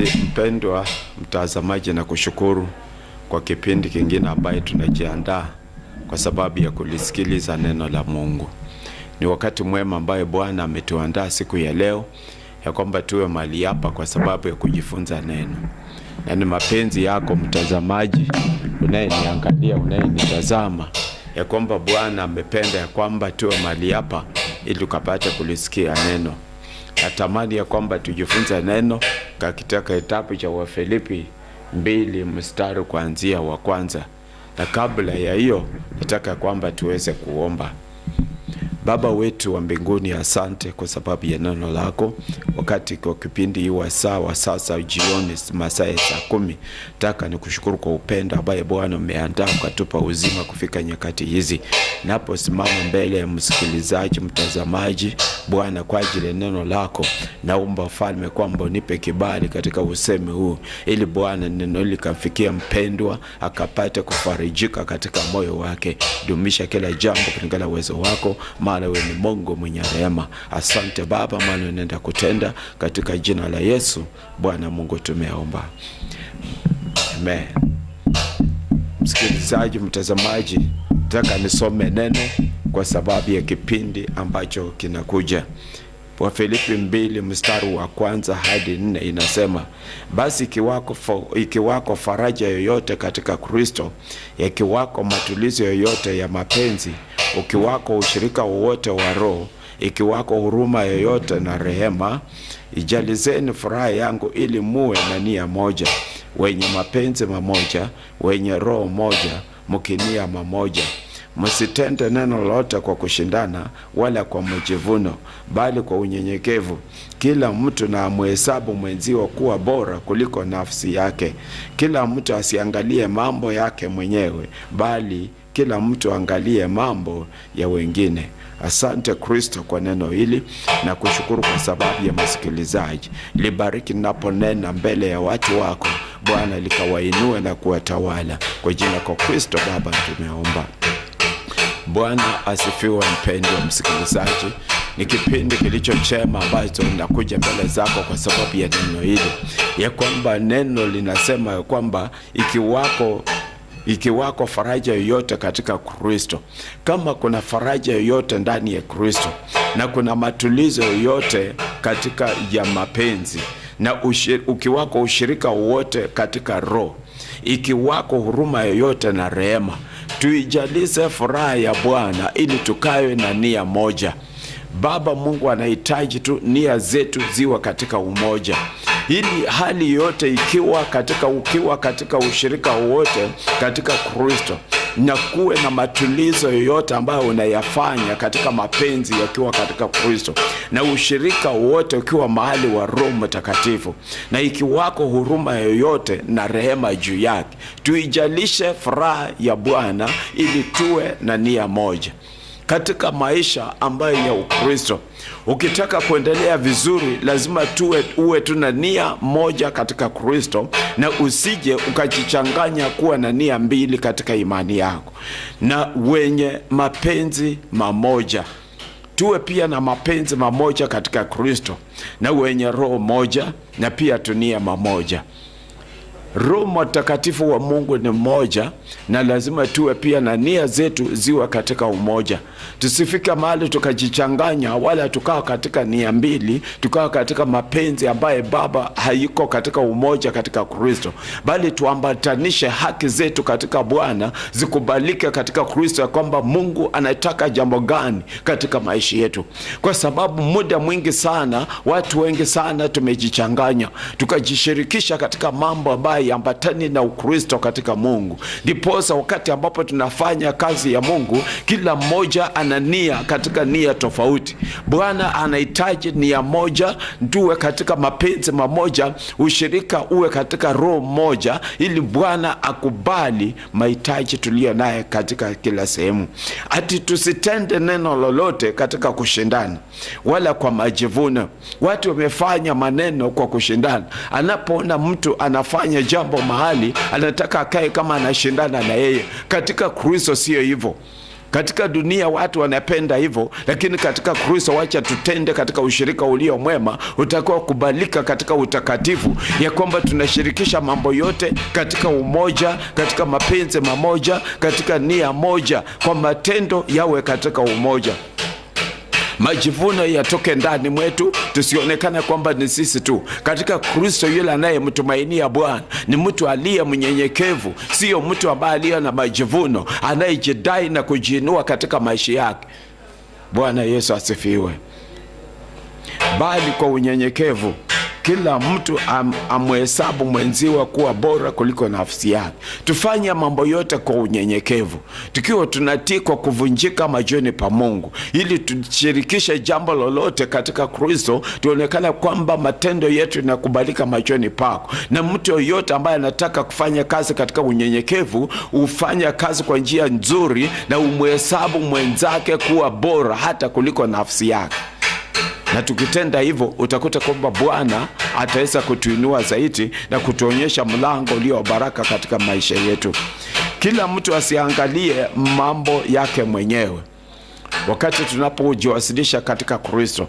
Basi mpendwa mtazamaji, na kushukuru kwa kipindi kingine ambaye tunajiandaa kwa sababu ya kulisikiliza neno la Mungu. Ni wakati mwema ambaye Bwana ametuandaa siku ya leo ya kwamba tuwe mali hapa kwa sababu ya kujifunza neno, na ni mapenzi yako mtazamaji, unayeniangalia, unayenitazama, ya kwamba Bwana amependa ya kwamba tuwe mali hapa ili ukapate kulisikia neno. Natamani ya kwamba tujifunze neno katika kitabu cha Wafilipi mbili mstari kuanzia wa kwanza, na kabla ya hiyo nataka kwamba tuweze kuomba. Baba wetu wa mbinguni, asante kwa sababu ya neno lako. Wakati kwa kipindi wa saa wa sasa jioni, masaa ya saa kumi, nataka nikushukuru kwa upendo ambaye Bwana umeandaa ukatupa uzima kufika nyakati hizi. Naposimama mbele ya msikilizaji, mtazamaji, Bwana, kwa ajili ya neno lako, naomba falme kwamba unipe kibali katika usemi huu, ili Bwana neno likafikia mpendwa, akapate kufarijika katika moyo wake. Dumisha kila jambo kulingana uwezo wako Ma maana wewe ni Mungu mwenye rehema. Asante Baba, maana unaenda kutenda katika jina la Yesu. Bwana Mungu, tumeomba amen. Msikilizaji, mtazamaji, nataka nisome neno kwa sababu ya kipindi ambacho kinakuja wa Filipi mbili mstari wa kwanza hadi nne inasema, basi ikiwako, ikiwako faraja yoyote katika Kristo, ikiwako matulizo yoyote ya mapenzi, ukiwako ushirika wowote wa Roho, ikiwako huruma yoyote na rehema, ijalizeni furaha yangu ili muwe na nia moja, wenye mapenzi mamoja, wenye roho moja, mkinia mamoja Msitende neno lolote kwa kushindana wala kwa majivuno, bali kwa unyenyekevu kila mtu na amhesabu mwenziwa kuwa bora kuliko nafsi yake. Kila mtu asiangalie mambo yake mwenyewe, bali kila mtu angalie mambo ya wengine. Asante Kristo kwa neno hili na kushukuru kwa sababu ya masikilizaji. Libariki naponena mbele ya watu wako Bwana, likawainue na kuwatawala kwa jina, kwa Kristo Baba tumeomba. Bwana asifiwe, mpendwa msikilizaji, ni kipindi kilicho chema ambacho nakuja mbele zako kwa sababu ya neno hili, ya kwamba neno linasema ya kwamba ikiwako ikiwako faraja yoyote katika Kristo, kama kuna faraja yoyote ndani ya Kristo na kuna matulizo yoyote katika ya mapenzi na ushir, ukiwako ushirika wote katika roho, ikiwako huruma yoyote na rehema tuijalize furaha ya Bwana ili tukawe na nia moja. Baba Mungu anahitaji tu nia zetu ziwe katika umoja, ili hali yote ikiwa katika ukiwa katika ushirika wote katika Kristo na kuwe na matulizo yoyote ambayo unayafanya katika mapenzi yakiwa katika Kristo, na ushirika wote ukiwa mahali wa Roho Mtakatifu, na ikiwako huruma yoyote na rehema juu yake, tuijalishe furaha ya Bwana ili tuwe na nia moja katika maisha ambayo ya Ukristo. Ukitaka kuendelea vizuri, lazima tuwe uwe tuna nia moja katika Kristo, na usije ukajichanganya kuwa na nia mbili katika imani yako, na wenye mapenzi mamoja tuwe pia na mapenzi mamoja katika Kristo, na wenye roho moja, na pia tunia mamoja. Roho Mtakatifu wa Mungu ni mmoja, na lazima tuwe pia na nia zetu ziwe katika umoja. tusifika mahali tukajichanganya, wala tukawa katika nia mbili, tukawa katika mapenzi ambaye Baba haiko katika umoja katika Kristo, bali tuambatanishe haki zetu katika Bwana zikubalike katika Kristo, ya kwamba Mungu anataka jambo gani katika maisha yetu, kwa sababu muda mwingi sana, watu wengi sana tumejichanganya, tukajishirikisha katika mambo ambayo haiambatani na Ukristo katika Mungu. Ndiposa wakati ambapo tunafanya kazi ya Mungu, kila mmoja ana nia katika nia tofauti. Bwana anahitaji nia moja, tuwe katika mapenzi mamoja, ushirika uwe katika roho moja, ili Bwana akubali mahitaji tuliyo naye katika kila sehemu, ati tusitende neno lolote katika kushindana wala kwa majivuno. Watu wamefanya maneno kwa kushindana, anapoona mtu anafanya jambo mahali, anataka akae kama anashindana na yeye. Katika Kristo siyo hivyo. Katika dunia watu wanapenda hivyo, lakini katika Kristo, wacha tutende katika ushirika ulio mwema utakuwa kubalika katika utakatifu, ya kwamba tunashirikisha mambo yote katika umoja, katika mapenzi mamoja, katika nia moja, kwa matendo yawe katika umoja majivuno yatoke ndani mwetu, tusionekane kwamba ni sisi tu. Katika Kristo, yule anayemtumainia Bwana ni mtu aliye mnyenyekevu, siyo mtu ambaye aliye na majivuno, anayejidai na kujiinua katika maisha yake. Bwana Yesu asifiwe. Bali kwa unyenyekevu kila mtu am, amhesabu mwenziwa kuwa bora kuliko nafsi yake. Tufanye mambo yote kwa unyenyekevu, tukiwa tunatii kwa kuvunjika majoni pa Mungu, ili tushirikishe jambo lolote katika Kristo, tuonekane kwamba matendo yetu yanakubalika machoni pako. Na mtu yoyote ambaye anataka kufanya kazi katika unyenyekevu, hufanya kazi kwa njia nzuri na umwhesabu mwenzake kuwa bora hata kuliko nafsi yake na tukitenda hivyo utakuta kwamba Bwana ataweza kutuinua zaidi na kutuonyesha mlango ulio baraka katika maisha yetu. Kila mtu asiangalie mambo yake mwenyewe. Wakati tunapojiwasilisha katika Kristo,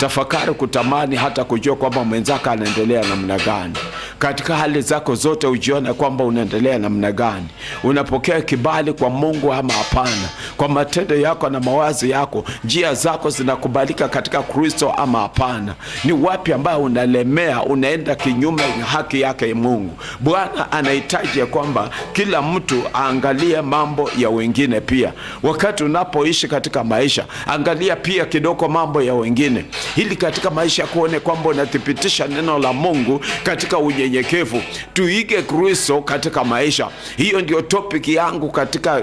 tafakari kutamani hata kujua kwamba mwenzako anaendelea namna gani katika hali zako zote, ujiona kwamba unaendelea namna gani, unapokea kibali kwa Mungu ama hapana, kwa matendo yako na mawazo yako, njia zako zinakubalika katika Kristo ama hapana, ni wapi ambayo unalemea, unaenda kinyume na haki yake Mungu. Bwana anahitaji ya kwamba kila mtu aangalie mambo ya wengine pia. Wakati unapoishi katika maisha, angalia pia kidogo mambo ya wengine, ili katika maisha kuone kwamba unathibitisha neno la Mungu katika unye unyenyekevu, tuige Kristo katika maisha. Hiyo ndio topic yangu katika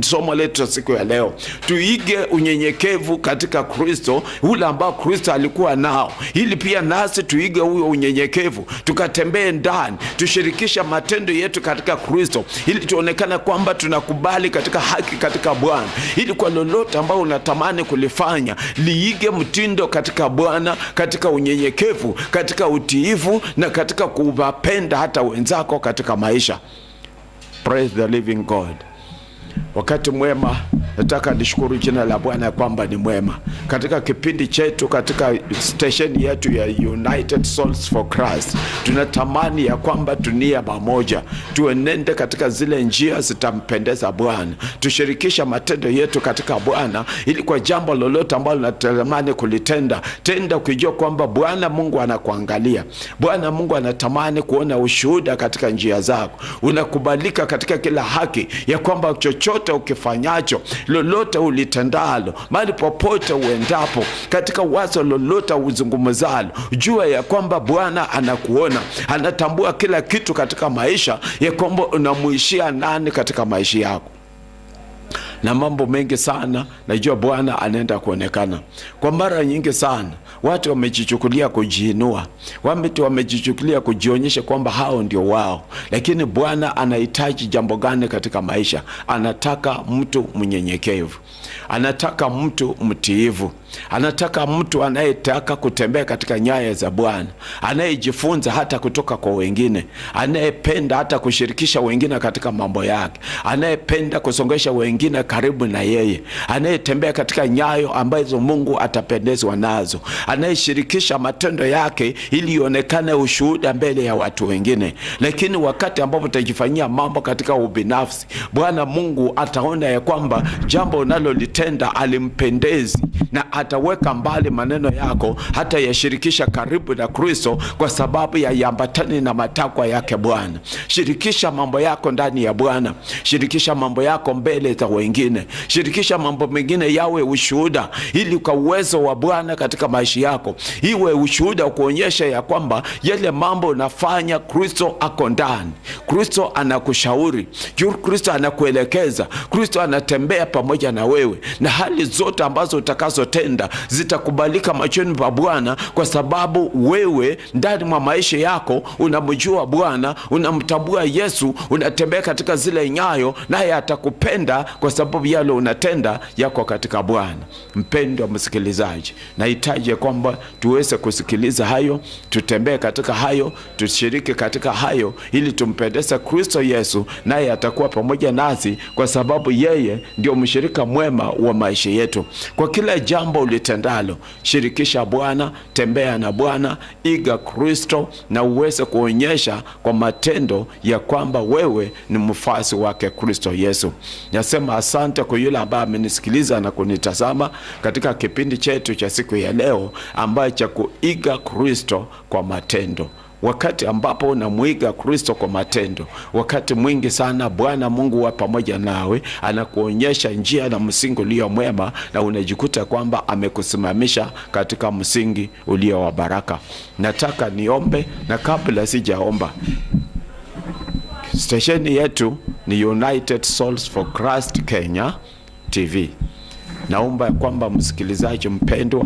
somo letu siku ya leo, tuige unyenyekevu katika Kristo, ule ambao Kristo alikuwa nao, ili pia nasi tuige huyo unyenyekevu, tukatembee ndani, tushirikisha matendo yetu katika Kristo, ili tuonekana kwamba tunakubali katika haki katika Bwana, ili kwa lolote ambao unatamani kulifanya liige mtindo katika Bwana, katika unyenyekevu, katika utiivu na katika ku kuwapenda hata wenzako katika maisha. Praise the living God. Wakati mwema. Nataka nishukuru jina la Bwana kwamba ni mwema. Katika kipindi chetu, katika stesheni yetu ya United Souls for Christ, tunatamani ya kwamba tunia pamoja, tuenende katika zile njia zitampendeza Bwana, tushirikisha matendo yetu katika Bwana, ili kwa jambo lolote ambalo natamani kulitenda, tenda ukijua kwamba Bwana Mungu anakuangalia. Bwana Mungu anatamani kuona ushuhuda katika njia zako, unakubalika katika kila haki, ya kwamba chochote ukifanyacho lolote ulitendalo, mali popote uendapo, katika wazo lolote uzungumzalo, jua ya kwamba Bwana anakuona, anatambua kila kitu katika maisha ya kwamba unamuishia nani katika maisha yako na mambo mengi sana najua Bwana anaenda kuonekana kwa mara nyingi sana watu wamejichukulia kujiinua, watu wamejichukulia kujionyesha kwamba hao ndio wao. Lakini Bwana anahitaji jambo gani katika maisha? Anataka mtu mnyenyekevu, anataka mtu mtiivu, anataka mtu anayetaka kutembea katika nyayo za Bwana, anayejifunza hata kutoka kwa wengine, anayependa hata kushirikisha wengine katika mambo yake, anayependa kusongesha wengine karibu na yeye, anayetembea katika nyayo ambazo Mungu atapendezwa nazo, anayeshirikisha matendo yake ili ionekane ushuhuda mbele ya watu wengine. Lakini wakati ambapo utajifanyia mambo katika ubinafsi, Bwana Mungu ataona ya kwamba jambo unalolitenda alimpendezi, na ataweka mbali maneno yako, hata yashirikisha karibu na Kristo, kwa sababu yaiambatani na matakwa yake Bwana. Shirikisha mambo yako ndani ya Bwana, shirikisha mambo yako mbele za wengine, shirikisha mambo mengine yawe ushuhuda, ili kwa uwezo wa Bwana katika maisha maisha yako, iwe ushuhuda kuonyesha ya kwamba yale mambo unafanya, Kristo ako ndani, Kristo anakushauri, Kristo anakuelekeza, Kristo anatembea pamoja na wewe, na hali zote ambazo utakazotenda zitakubalika machoni pa Bwana, kwa sababu wewe ndani mwa maisha yako unamjua Bwana, unamtambua Yesu, unatembea katika zile nyayo, naye atakupenda kwa sababu yale unatenda yako katika Bwana. Mpendwa msikilizaji, nahitaji kwamba tuweze kusikiliza hayo, tutembee katika hayo, tushiriki katika hayo, ili tumpendeze Kristo Yesu, naye atakuwa pamoja nasi, kwa sababu yeye ndio mshirika mwema wa maisha yetu. Kwa kila jambo ulitendalo, shirikisha Bwana, tembea na Bwana, iga Kristo na uweze kuonyesha kwa matendo ya kwamba wewe ni mfasi wake Kristo Yesu. Nasema asante kwa yule ambaye amenisikiliza na kunitazama katika kipindi chetu cha siku ya leo ambayo cha kuiga Kristo kwa matendo. Wakati ambapo unamwiga Kristo kwa matendo, wakati mwingi sana Bwana Mungu wa pamoja nawe anakuonyesha njia na msingi ulio mwema, na unajikuta kwamba amekusimamisha katika msingi ulio wa baraka. Nataka niombe, na kabla sijaomba, stesheni yetu ni United Souls for Christ Kenya TV. Naomba kwamba msikilizaji mpendwa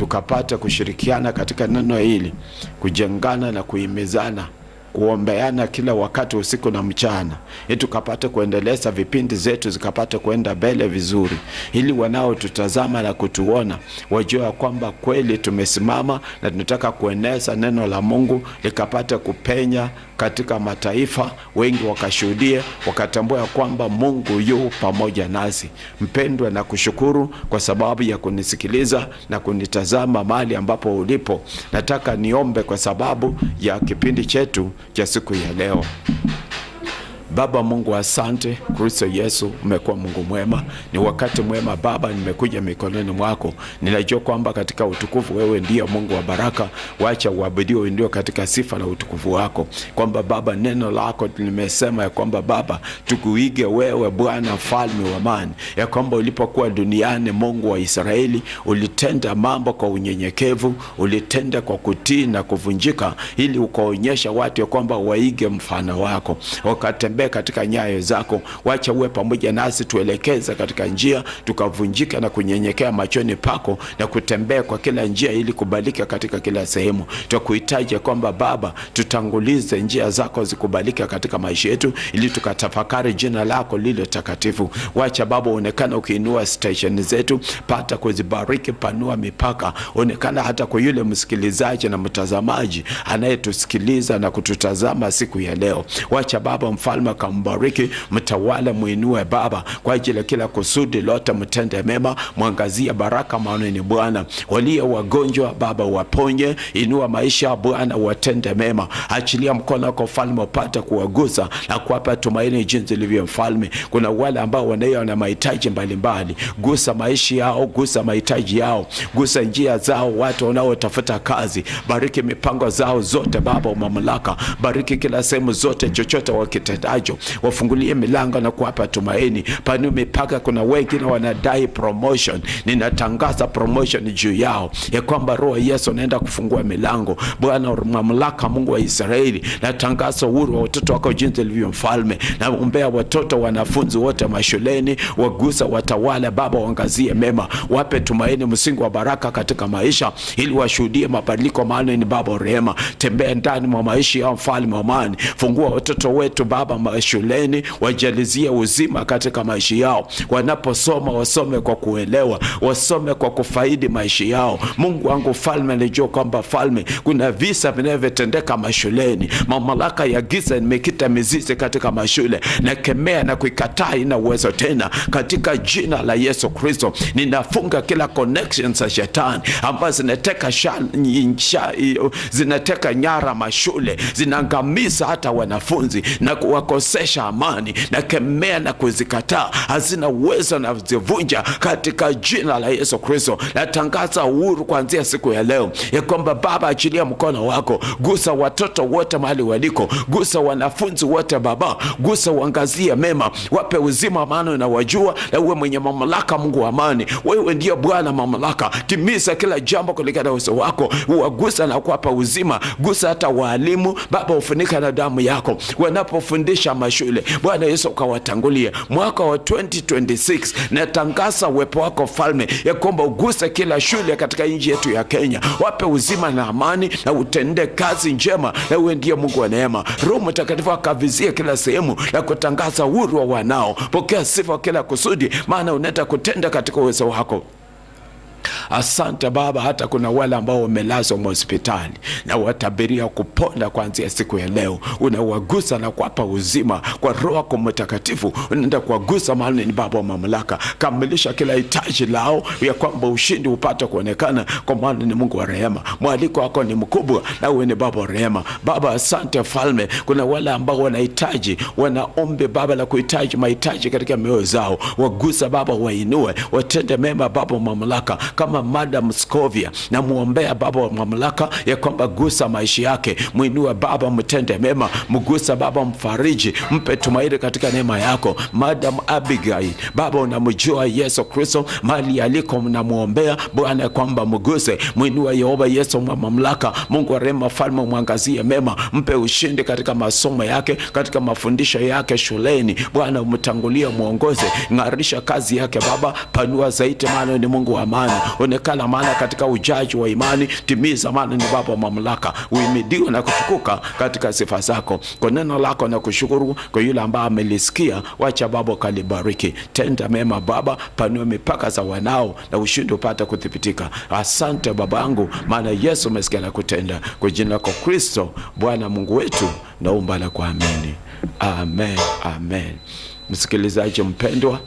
tukapata kushirikiana katika neno hili, kujengana na kuhimizana kuombeana kila wakati, usiku na mchana, ili tukapate kuendeleza vipindi zetu zikapate kuenda mbele vizuri, ili wanaotutazama na kutuona wajua kwamba kweli tumesimama na tunataka kueneza neno la Mungu likapate kupenya katika mataifa, wengi wakashuhudie, wakatambua kwamba Mungu yu pamoja nasi. Mpendwa, na kushukuru kwa sababu ya kunisikiliza na kunitazama mahali ambapo ulipo. Nataka niombe kwa sababu ya kipindi chetu cha siku ya leo. Baba Mungu, asante. Kristo Yesu, umekuwa Mungu mwema. Ni wakati mwema Baba, nimekuja mikononi mwako. Ninajua kwamba katika utukufu wewe ndiyo Mungu wa baraka, wacha uabudiwe ndio katika sifa na utukufu wako, kwamba Baba neno lako limesema ya kwamba Baba tukuige wewe Bwana mfalme wa amani, ya kwamba ulipokuwa duniani Mungu wa Israeli ulitenda mambo kwa unyenyekevu, ulitenda kwa kutii na kuvunjika, ili ukaonyesha watu ya kwamba waige mfano wako wakati tutembee katika nyayo zako, wacha uwe pamoja nasi, tuelekeze katika njia, tukavunjika na kunyenyekea machoni pako na kutembea kwa kila njia ili kubalika katika kila sehemu. Twakuhitaji kwamba Baba, tutangulize njia zako zikubalika katika maisha yetu, ili tukatafakari jina lako lilo takatifu. Wacha Baba onekana ukiinua stesheni zetu, pata kuzibariki, panua mipaka, onekana hata kwa yule msikilizaji na mtazamaji anayetusikiliza na kututazama siku ya leo. Wacha Baba mfalme mema, kambariki mtawala, mwinue Baba kwa ajili ya kila kusudi lote, mtende mema, mwangazia baraka maana ni Bwana. Walio wagonjwa Baba waponye, inua maisha Bwana, watende mema, achilia mkono wako mfalme, upate kuwagusa na kuwapa tumaini jinsi ilivyo mfalme. Kuna wale ambao wanayo na mahitaji mbalimbali, gusa maisha yao, gusa mahitaji yao, gusa njia zao, watu wanaotafuta kazi, bariki mipango zao zote Baba, wa mamlaka bariki kila sehemu zote, chochote wakitenda wakuitacho, wafungulie milango na kuwapa tumaini. pani umepaka. Kuna wengi na wanadai promotion, ninatangaza promotion juu yao, ya kwamba roho Yesu anaenda kufungua milango. Bwana mamlaka, Mungu wa Israeli, natangaza uhuru wa watoto wako jinsi ilivyo mfalme. na umbea watoto, wanafunzi wote mashuleni, wagusa watawala, Baba waangazie mema, wape tumaini, msingi wa baraka katika maisha, ili washuhudie mabadiliko, maana ni Baba rehema. Tembea ndani mwa maisha ya mfalme wa amani, fungua watoto wetu Baba mashuleni, wajalizie uzima katika maisha yao. Wanaposoma wasome kwa kuelewa, wasome kwa kufaidi maisha yao. Mungu wangu falme, alijua kwamba falme, kuna visa vinavyotendeka mashuleni. Mamlaka ya giza imekita mizizi katika mashule, nakemea na kuikataa, ina uwezo tena katika jina la Yesu Kristo. Ninafunga kila connections za shetani ambazo zinateka zinateka nyara mashule, zinaangamiza hata wanafunzi na kuwako kukosesha amani, kemea na kuzikataa, hazina uwezo na zivunja katika jina la Yesu Kristo. Natangaza uhuru kuanzia siku ya leo ya kwamba Baba, achilia mkono wako, gusa watoto wote mahali waliko, gusa wanafunzi wote Baba, gusa uangazie mema, wape uzima, maana unawajua na uwe mwenye mamlaka. Mungu wa amani, wewe ndiye Bwana mamlaka, timiza kila jambo kulingana na uso wako, uwagusa na kuwapa uzima. Gusa hata waalimu Baba, ufunika na damu yako wanapofundisha cha mashule. Bwana Yesu ukawatangulia mwaka wa 2026 natangaza uwepo wako falme ya kwamba uguse kila shule katika nchi yetu ya Kenya, wape uzima na amani na utende kazi njema, na uwe ndiye Mungu wa neema. Roho Mtakatifu akavizie kila sehemu na kutangaza uhuru wa wanao. Pokea sifa kila kusudi, maana unaenda kutenda katika uwezo wako. Asante Baba, hata kuna wale ambao wamelazwa mahospitali na watabiria kupona kuanzia siku ya leo. Unawagusa na kuwapa uzima kwa Roho yako Mtakatifu, unaenda kuwagusa maana ni Baba wa mamlaka. Kamilisha kila hitaji lao, ya kwamba ushindi upate kuonekana, kwa maana ni Mungu wa rehema. Mwaliko wako ni mkubwa, na wewe ni Baba wa rehema. Baba asante Falme, kuna wale ambao wanahitaji, wanaombe Baba la kuhitaji mahitaji katika mioyo zao, wagusa Baba, wainue, watende mema Baba wa mamlaka kama Madam Scovia, na muombea Baba wa mamlaka ya kwamba gusa maisha yake, mwinue Baba, mtende mema, mgusa Baba, mfariji, mpe tumaini katika neema yako. Madam Abigail, Baba unamjua Yesu Kristo mali aliko, mnamwombea Bwana kwamba mguse, mwinue Yehova Yesu mwa mamlaka, Mungu wa rehema, falme mwangazie mema, mpe ushindi katika masomo yake, katika mafundisho yake shuleni, Bwana umtangulie, mwongoze, ng'arisha kazi yake Baba, panua zaidi, maana ni Mungu wa amani onekana, maana katika ujaji wa imani timiza, maana ni Baba wa mamlaka. uimidiwe na kutukuka katika sifa zako, kwa neno lako na kushukuru kwa yule ambaye amelisikia. Wacha Baba kalibariki, tenda mema Baba, panue mipaka za wanao na ushindi upate kuthibitika. Asante Babangu, maana Yesu umesikia na kutenda. Kwa jina lako Kristo Bwana Mungu wetu naumba la kuamini, amen, amen. Msikilizaji mpendwa,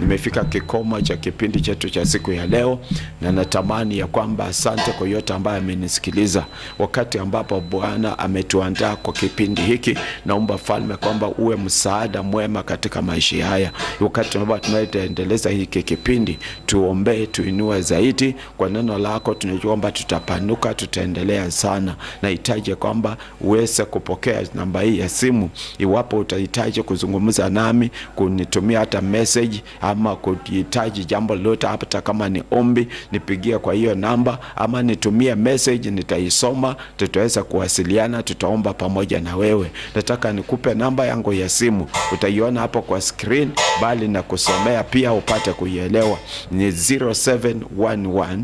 nimefika kikomo cha kipindi chetu cha siku ya leo, na natamani ya kwamba asante kwa yote ambaye amenisikiliza wakati ambapo Bwana ametuandaa kwa kipindi hiki. Naomba Falme kwamba uwe msaada mwema katika maisha haya, wakati ambapo tunaendeleza hiki kipindi. Tuombee, tuinue zaidi kwa neno lako. Tunajua kwamba tutapanuka, tutaendelea sana. Nahitaji kwamba uweze kupokea namba hii ya simu iwapo utahitaji kuzungumza nami kunitumia hata message ama kuhitaji jambo lolote, hata kama ni ombi nipigie kwa hiyo namba ama nitumie message, nitaisoma, tutaweza kuwasiliana, tutaomba pamoja na wewe. Nataka nikupe namba yangu ya simu, utaiona hapo kwa screen, bali na kusomea pia upate kuielewa. Ni 0711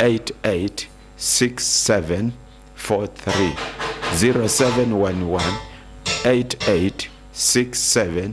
886743 0711